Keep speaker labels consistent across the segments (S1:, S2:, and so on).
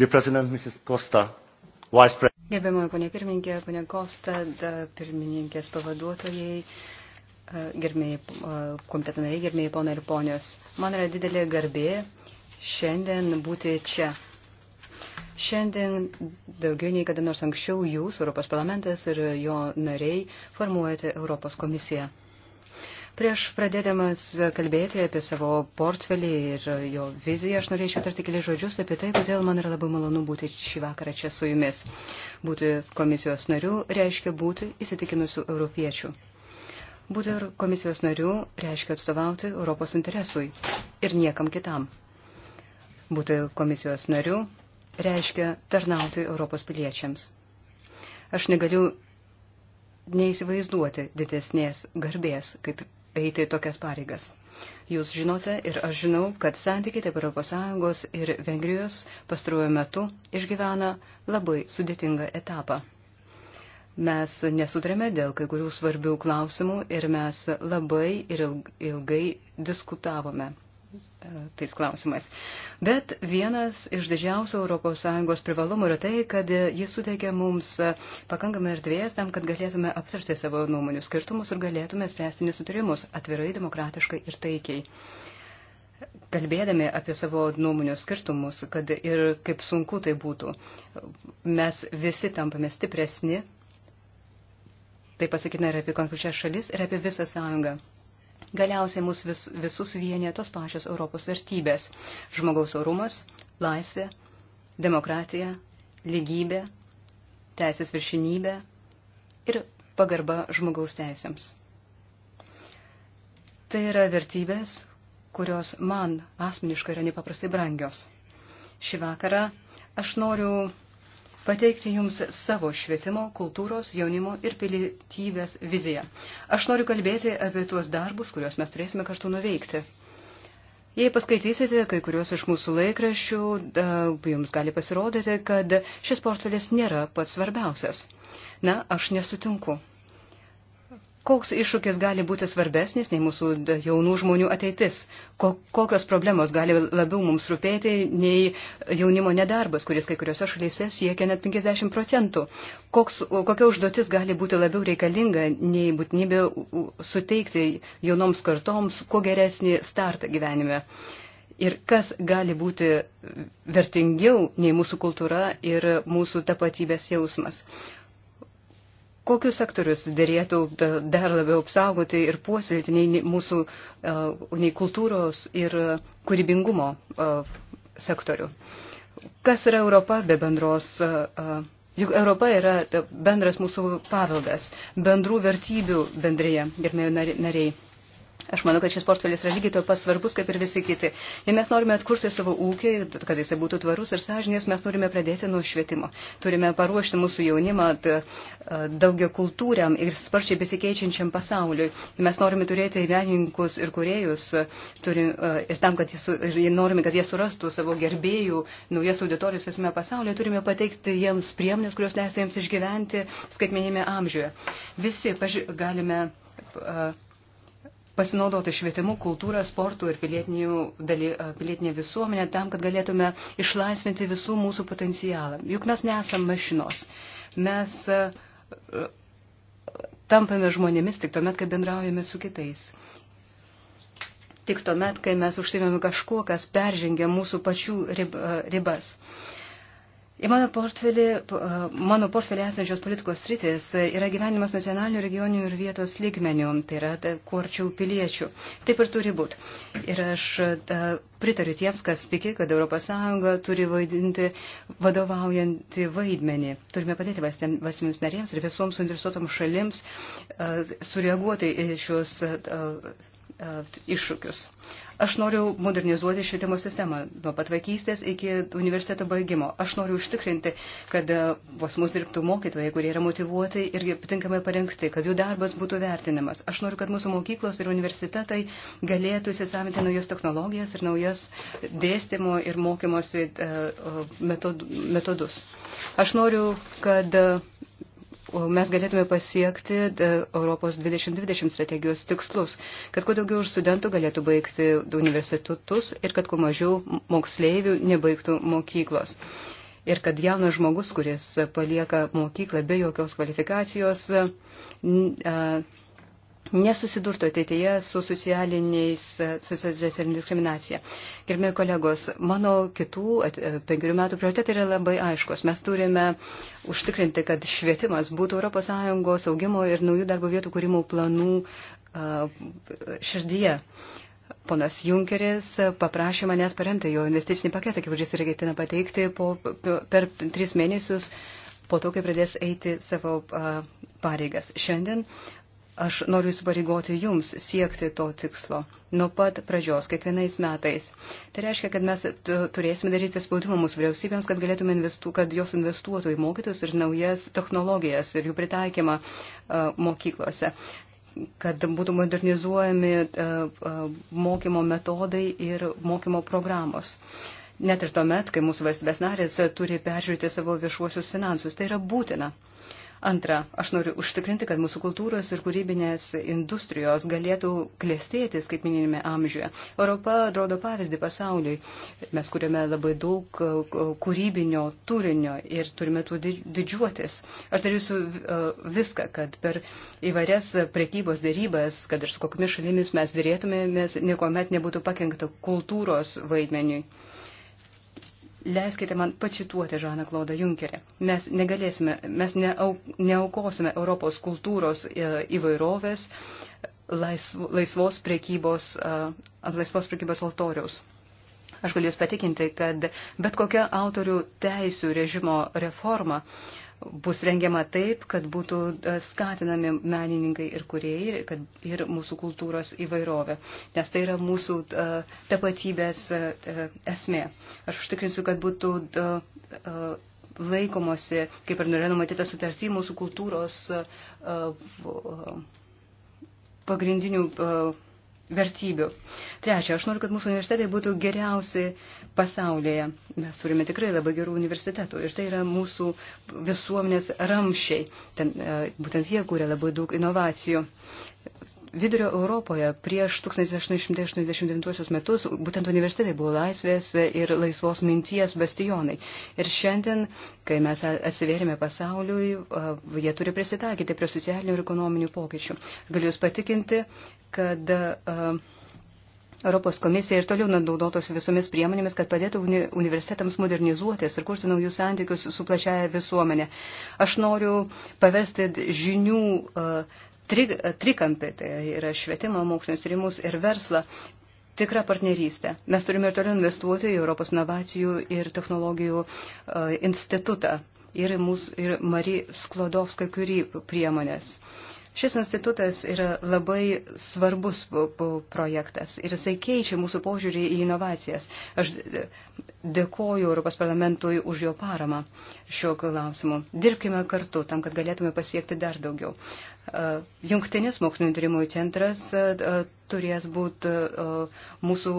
S1: Gerbiamoji ponė pirmininkė, ponė Kosta, pirmininkės pavaduotojai, e, gerbėjai e, komiteto nariai, gerbėjai ponai ir ponios. Man yra didelė garbė šiandien būti čia. Šiandien daugiau nei kada nors anksčiau jūs, Europos parlamentas ir jo nariai formuojate Europos komisiją. Prieš pradėdamas kalbėti apie savo portfelį ir jo viziją, aš norėčiau tarti keli žodžius apie tai, kodėl man yra labai malonu būti šį vakarą čia su jumis. Būti komisijos nariu reiškia būti įsitikinusių europiečių. Būti komisijos nariu reiškia atstovauti Europos interesui ir niekam kitam. Būti komisijos nariu reiškia tarnauti Europos piliečiams. Aš negaliu neįsivaizduoti didesnės garbės, kaip eiti tokias pareigas. Jūs žinote ir aš žinau, kad santykiai tarp ES ir Vengrijos pastaruoju metu išgyvena labai sudėtingą etapą. Mes nesutrėme dėl kai kurių svarbių klausimų ir mes labai ir ilgai diskutavome tais klausimais. Bet vienas iš didžiausių ES privalumų yra tai, kad jis suteikia mums pakankamai erdvės tam, kad galėtume aptarti savo nuomonių skirtumus ir galėtume spręsti nesutarimus atvirai, demokratiškai ir taikiai. Kalbėdami apie savo nuomonių skirtumus, kad ir kaip sunku tai būtų, mes visi tampame stipresni, tai pasakytina ir apie konkrečias šalis, ir apie visą sąjungą. Galiausiai mus vis, visus vienė tos pačios Europos vertybės - žmogaus orumas, laisvė, demokratija, lygybė, teisės viršinybė ir pagarba žmogaus teisėms. Tai yra vertybės, kurios man asmeniškai yra nepaprastai brangios. Šį vakarą aš noriu pateikti Jums savo švietimo, kultūros, jaunimo ir pilietybės viziją. Aš noriu kalbėti apie tuos darbus, kuriuos mes turėsime kartu nuveikti. Jei paskaitysite kai kuriuos iš mūsų laikraščių, jums gali pasirodyti, kad šis portfelis nėra pats svarbiausias. Na, aš nesutinku. Koks iššūkis gali būti svarbesnis nei mūsų jaunų žmonių ateitis? Kokios problemos gali labiau mums rūpėti nei jaunimo nedarbas, kuris kai kuriuose šalyse siekia net 50 procentų? Koks, kokia užduotis gali būti labiau reikalinga nei būtinybė suteikti jaunoms kartoms kuo geresnį startą gyvenime? Ir kas gali būti vertingiau nei mūsų kultūra ir mūsų tapatybės jausmas? kokius sektorius dėrėtų dar labiau apsaugoti ir puoselėti nei mūsų e, nei kultūros ir kūrybingumo e, sektorių. Kas yra Europa be bendros? E, juk Europa yra bendras mūsų paveldas, bendrų vertybių bendrėje ir nariai. Aš manau, kad šis portfelis yra lygiai to pasvarbus, kaip ir visi kiti. Jei mes norime atkurti savo ūkį, kad jisai būtų tvarus ir sąžinės, mes turime pradėti nuo švietimo. Turime paruošti mūsų jaunimą daugia kultūriam ir sparčiai besikeičiančiam pasauliui. Mes norime turėti menininkus ir kuriejus turim, ir tam, kad jis, ir norime, kad jie surastų savo gerbėjų naujas auditorijas visame pasaulyje, turime pateikti jiems priemonės, kurios leistų jiems išgyventi skaitmenime amžiuje. Visi paži galime. Uh, pasinaudoti švietimu, kultūrą, sportų ir daly, pilietinė visuomenė tam, kad galėtume išlaisvinti visų mūsų potencialą. Juk mes nesam mašinos. Mes tampame žmonėmis tik tuomet, kai bendraujame su kitais. Tik tuomet, kai mes užsimėme kažkuo, kas peržengia mūsų pačių ribas. Rib, Į mano portfelį, e, mano portfelį esančios politikos sritis yra gyvenimas nacionalinių, regioninių ir vietos lygmenių, tai yra e, kuo arčiau piliečių. Taip ir turi būti. Ir aš ta, e, pritariu tiems, kas tiki, kad ES turi vaidinti vadovaujantį vaidmenį. Turime padėti valstybėms narėms ir visoms suinteresuotoms šalims uh, sureaguoti į šios uh, uh, iššūkius. Aš noriu modernizuoti švietimo sistemą nuo pat vaikystės iki universiteto baigimo. Aš noriu užtikrinti, kad e, pas mus dirbtų mokytojai, kurie yra motivuoti ir tinkamai parengti, kad jų darbas būtų vertinamas. Aš noriu, kad mūsų mokyklos ir universitetai galėtų įsisavinti naujas technologijas ir naujas dėstymo ir mokymosi e, metodus. Aš noriu, kad mes galėtume pasiekti e, Europos 2020 strategijos tikslus, kad kuo daugiau studentų galėtų baigti universitetus ir kad kuo mažiau moksleivių nebaigtų mokyklos. Ir kad jaunas žmogus, kuris palieka mokyklą be jokios kvalifikacijos, nesusidurtų ateityje su socialiniais, su socialinė diskriminacija. Gerbėjai kolegos, mano kitų e, penkerių metų prioritetai yra labai aiškus. Mes turime užtikrinti, kad švietimas būtų ES augimo ir naujų darbo vietų kūrimo planų širdyje. Ponas Junkeris paprašė manęs paremti jo investicinį paketą, kaip žodžiais ir ketina pateikti po, per tris mėnesius po to, kai pradės eiti savo pareigas. Šiandien Aš noriu įsipareigoti jums siekti to tikslo nuo pat pradžios, kiekvienais metais. Tai reiškia, kad mes turėsime daryti spaudimą mūsų vyriausybėms, kad galėtume investuoti, kad jos investuotų į mokytus ir naujas technologijas ir jų pritaikymą uh, mokyklose kad būtų modernizuojami uh, mokymo metodai ir mokymo programos. Net ir tuomet, kai mūsų valstybės narės turi peržiūrėti savo viešuosius finansus, tai yra būtina. Uh, Antra, aš noriu užtikrinti, kad mūsų kultūros ir kūrybinės industrijos galėtų klėstėtis, kaip minėjome, amžiuje. Europa rodo pavyzdį pasauliui. Mes kuriame labai daug e, kūrybinio turinio ir turime tų didžiuotis. Aš darysiu e, viską, kad per įvairias prekybos dėrybas, kad ir su kokiamis šalimis mes dėrėtume, mes niekuomet nebūtų pakengta kultūros vaidmeniui. Leiskite man pacituoti Žaną Klaudą Junkerį. Mes negalėsime, mes neaukosime Europos kultūros e, įvairovės laisvos prekybos, e, ant laisvos prekybos altoriaus. Aš galiu jūs patikinti, kad bet kokia autorių teisų režimo reforma uh, bus rengiama taip, kad būtų e, skatinami menininkai ir kuriejai ir, ir mūsų kultūros įvairovė, nes tai yra mūsų e, tapatybės e, esmė. Aš užtikrinsiu, kad būtų laikomosi, kaip ir norėjau numatytą sutartį, mūsų kultūros pagrindinių vertybių. Trečia, aš noriu, kad mūsų universitetai būtų geriausi pasaulyje. Mes turime tikrai labai gerų universitetų ir tai yra mūsų visuomenės ramšiai. Ten, e, būtent jie kūrė labai daug inovacijų. Vidurio Europoje prieš 1889 metus būtent universitetai buvo laisvės ir laisvos minties bastionai. Ir šiandien, kai mes atsiverėme pasauliui, jie turi prisitaikyti prie socialinių ir ekonominių pokyčių. Galiu Jūs patikinti, kad uh, Europos komisija ir toliau naudotos visomis priemonėmis, kad padėtų uni universitetams modernizuotis ir kurti naujus santykius su plačiaja visuomenė. Aš noriu paversti žinių uh, tri trikampį, tai yra švietimą, mokslinius rimus ir verslą, tikrą partnerystę. Mes turime ir toliau investuoti į Europos inovacijų ir technologijų uh, institutą ir, mūsų, ir Mari Sklodovskai kurį priemonės. Uh, Šis institutas yra labai svarbus projektas ir jisai keičia mūsų požiūrį į inovacijas. Aš dėkoju Europos parlamentui už jo paramą šiuo klausimu. Dirbkime kartu tam, kad galėtume pasiekti dar daugiau. Jungtinis mokslinio tyrimų centras turės būti mūsų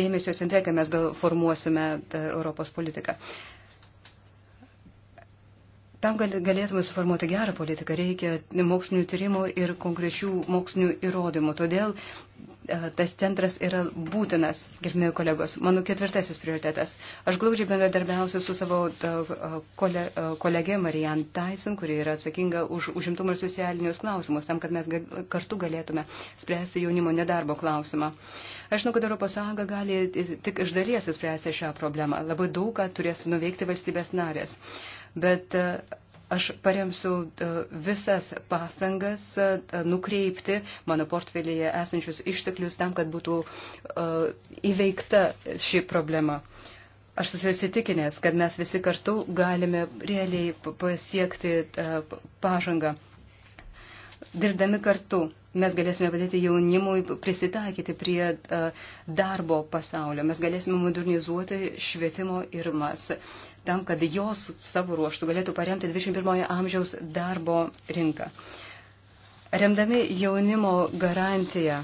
S1: dėmesio centre, kai mes gal formuosime Europos politiką. Tam, kad galėtume suformuoti gerą politiką, reikia mokslinių tyrimų ir konkrečių mokslinių įrodymų. Todėl E, tas centras yra būtinas, gerbėjai kolegos. Mano ketvirtasis prioritetas. Aš glaudžiai bendradarbiausiu su savo e, e, kolegė Marianne Tyson, kuri yra atsakinga už užimtumą ir socialinius klausimus, tam, kad mes kartu galėtume spręsti jaunimo nedarbo klausimą. Aš žinau, kad Europos Sąjunga gali tik iš dalies spręsti šią problemą. Labai daug ką turės nuveikti valstybės narės. Bet uh, Aš paremsiu e, visas pastangas e, e, nukreipti mano portfelyje esančius išteklius tam, kad būtų įveikta ši problema. Aš susitikinęs, kad mes visi kartu galime realiai pasiekti pažangą dirbdami kartu mes galėsime padėti jaunimui prisitaikyti prie e, darbo pasaulio, mes galėsime modernizuoti švietimo irmas, tam, kad jos savo ruoštų galėtų paremti 21 amžiaus darbo rinką. Remdami jaunimo garantiją,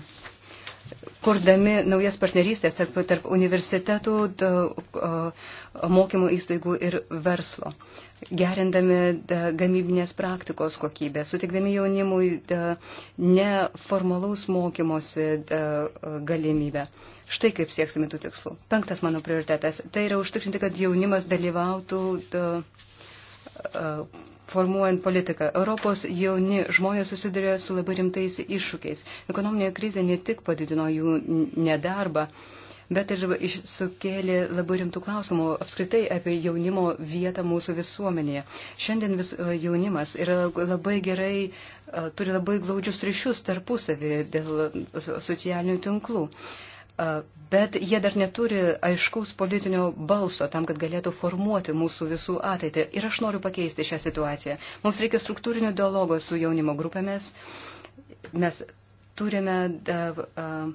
S1: kurdami naujas partnerystės tarp, tarp universitetų, da, mokymo įstaigų ir verslo, gerindami da, gamybinės praktikos kokybę, sutikdami jaunimui da, neformalaus mokymosi da, galimybę. Štai kaip sieksime tų tikslų. Penktas mano prioritetas - tai yra užtikrinti, kad jaunimas dalyvautų. Da, formuojant politiką. Europos jauni žmonės susiduria su labai rimtais iššūkiais. Ekonominė krizė ne tik padidino jų nedarbą, bet ir sukėlė labai rimtų klausimų apskritai apie jaunimo vietą mūsų visuomenėje. Šiandien vis, jaunimas yra labai gerai, turi labai glaudžius ryšius tarpusavį dėl socialinių tinklų. Uh, bet jie dar neturi aiškaus politinio balso tam, kad galėtų formuoti mūsų visų ateitį. Ir aš noriu pakeisti šią situaciją. Mums reikia struktūrinio dialogo su jaunimo grupėmis. Mes turime uh, uh,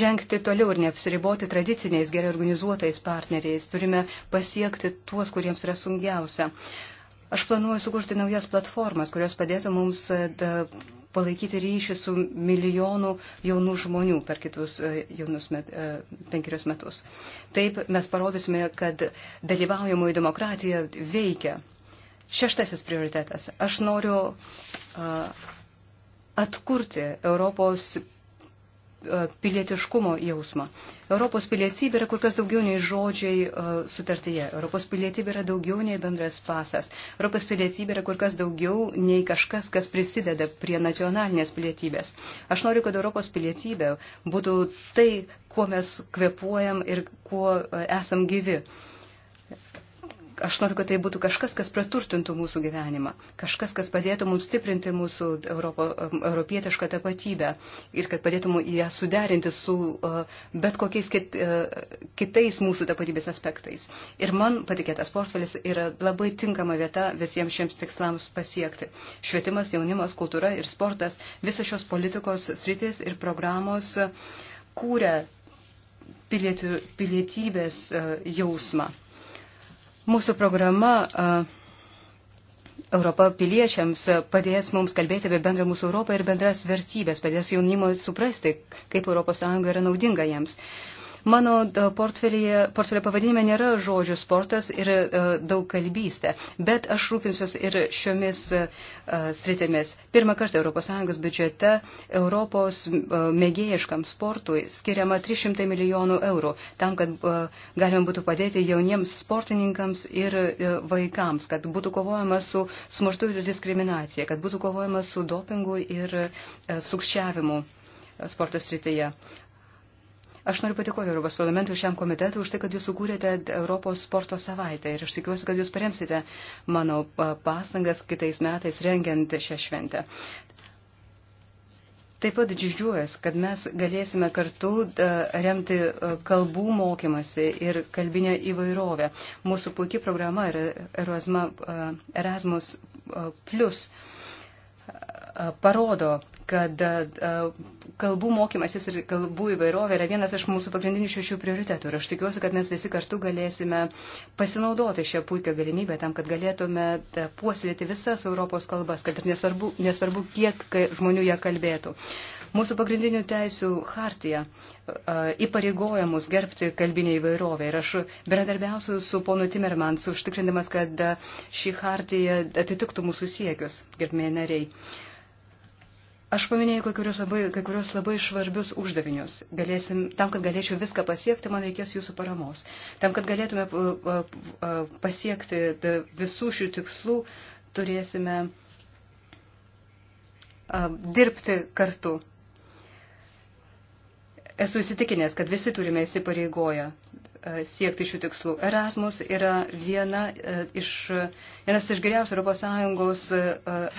S1: žengti toliau ir neapsiriboti tradiciniais gerai organizuotais partneriais. Turime pasiekti tuos, kuriems yra sungiausia. Aš planuoju sukurti naujas platformas, kurios padėtų mums. Uh, palaikyti ryšį su milijonu jaunų žmonių per kitus e, jaunus met, e, penkerius metus. Taip mes parodysime, kad dalyvaujamoji demokratija veikia. Šeštasis prioritetas. Aš noriu e, atkurti Europos E, pilietiškumo jausmą. Europos pilietybė yra kur kas daugiau nei žodžiai e, sutartyje. Europos pilietybė yra daugiau nei bendras pasas. Europos pilietybė yra kur kas daugiau nei kažkas, kas prisideda prie nacionalinės pilietybės. Aš noriu, kad Europos pilietybė būtų tai, kuo mes kvepuojam ir kuo e, esam gyvi. Uh, Aš noriu, kad tai būtų kažkas, kas praturtintų mūsų gyvenimą, kažkas, kas padėtų mums stiprinti mūsų Europo, europietišką tapatybę ir kad padėtų mums ją suderinti su uh, bet kokiais kit, uh, kitais mūsų tapatybės aspektais. Ir man patikėtas portfelis yra labai tinkama vieta visiems šiems tikslams pasiekti. Švietimas, jaunimas, kultūra ir sportas, visos šios politikos sritis ir programos e, kūrė pilietybės jausmą. Mūsų programa Europa piliečiams padės mums kalbėti apie bendrą mūsų Europą ir bendras vertybės, padės jaunimo suprasti, kaip ES yra naudinga jiems. Mano e, portfelio pavadinime nėra žodžių sportas ir e, daug kalbystė, bet aš rūpinsiuosi ir šiomis e, sritėmis. Pirmą kartą ES biudžete Europos mėgėjiškam sportui skiriama 300 milijonų eurų, tam, kad galima būtų padėti jauniems sportininkams ir vaikams, kad būtų kovojama su smurtu ir diskriminacija, kad būtų kovojama su dopingu ir sukčiavimu sporto srityje. Aš noriu patikoti Europos parlamentui šiam komitetui už tai, kad jūs sukūrėte Europos sporto savaitę ir aš tikiuosi, kad jūs paremsite mano pastangas kitais metais rengiant šią šventę. Taip pat didžiuojas, kad mes galėsime kartu remti kalbų mokymasi ir kalbinę įvairovę. Mūsų puikia programa yra Erasmus Plus. Erasmus parodo, kad kalbų mokymasis ir kalbų įvairovė yra vienas iš mūsų pagrindinių šešių prioritetų. Ir aš tikiuosi, kad mes visi kartu galėsime pasinaudoti šią puikią galimybę tam, kad galėtume puoselėti visas Europos kalbas, kad ir nesvarbu, nesvarbu kiek žmonių ją kalbėtų. Mūsų pagrindinių teisių hartija įpareigoja mus gerbti kalbinę įvairovę. Ir aš bendradarbiausiu su ponu Timermans, užtikrindamas, kad ši hartija atitiktų mūsų siekius, gerbėjai nariai. Aš paminėjau kai kurios labai, kai kurios labai švarbius uždavinius. Galėsim, tam, kad galėčiau viską pasiekti, man reikės jūsų paramos. Tam, kad galėtume uh, uh, uh, pasiekti visų šių tikslų, turėsime dirbti kartu. Esu įsitikinęs, kad visi turime įsipareigoję siekti šių tikslų. Erasmus yra viena e, iš, vienas iš geriausių ES e,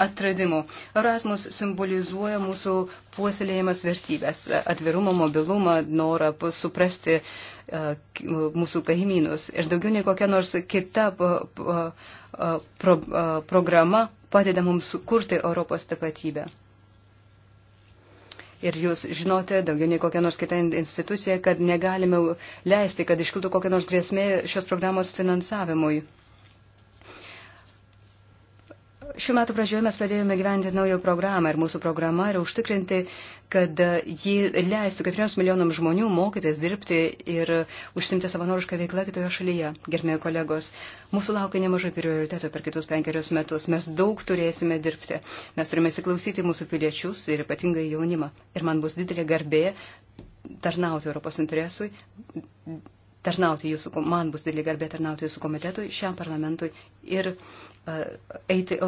S1: atradimų. Erasmus simbolizuoja mūsų puoselėjimas vertybės - atvirumą, mobilumą, norą suprasti e, mūsų kaimynus. Ir daugiau nei kokia nors kita pro, pro, programa padeda mums kurti Europos tapatybę. Ir jūs žinote, daugiau nei kokia nors kita institucija, kad negalime leisti, kad iškiltų kokia nors grėsmė šios programos finansavimui. Šiuo metu pradžioje mes pradėjome gyventi naują programą ir mūsų programa yra užtikrinti, kad ji leistų 4 milijonams žmonių mokytis, dirbti ir užsimti savanorišką veiklą kitoje šalyje. Gerbėjai kolegos, mūsų laukia nemažai prioritetų per kitus penkerius metus. Mes daug turėsime dirbti. Mes turime įsiklausyti mūsų piliečius ir ypatingai jaunimą. Ir man bus didelė garbė tarnauti Europos interesui. Tarnauti jūsų, man bus didelė garbė tarnauti jūsų komitetui, šiam parlamentui ir uh, eiti Europos.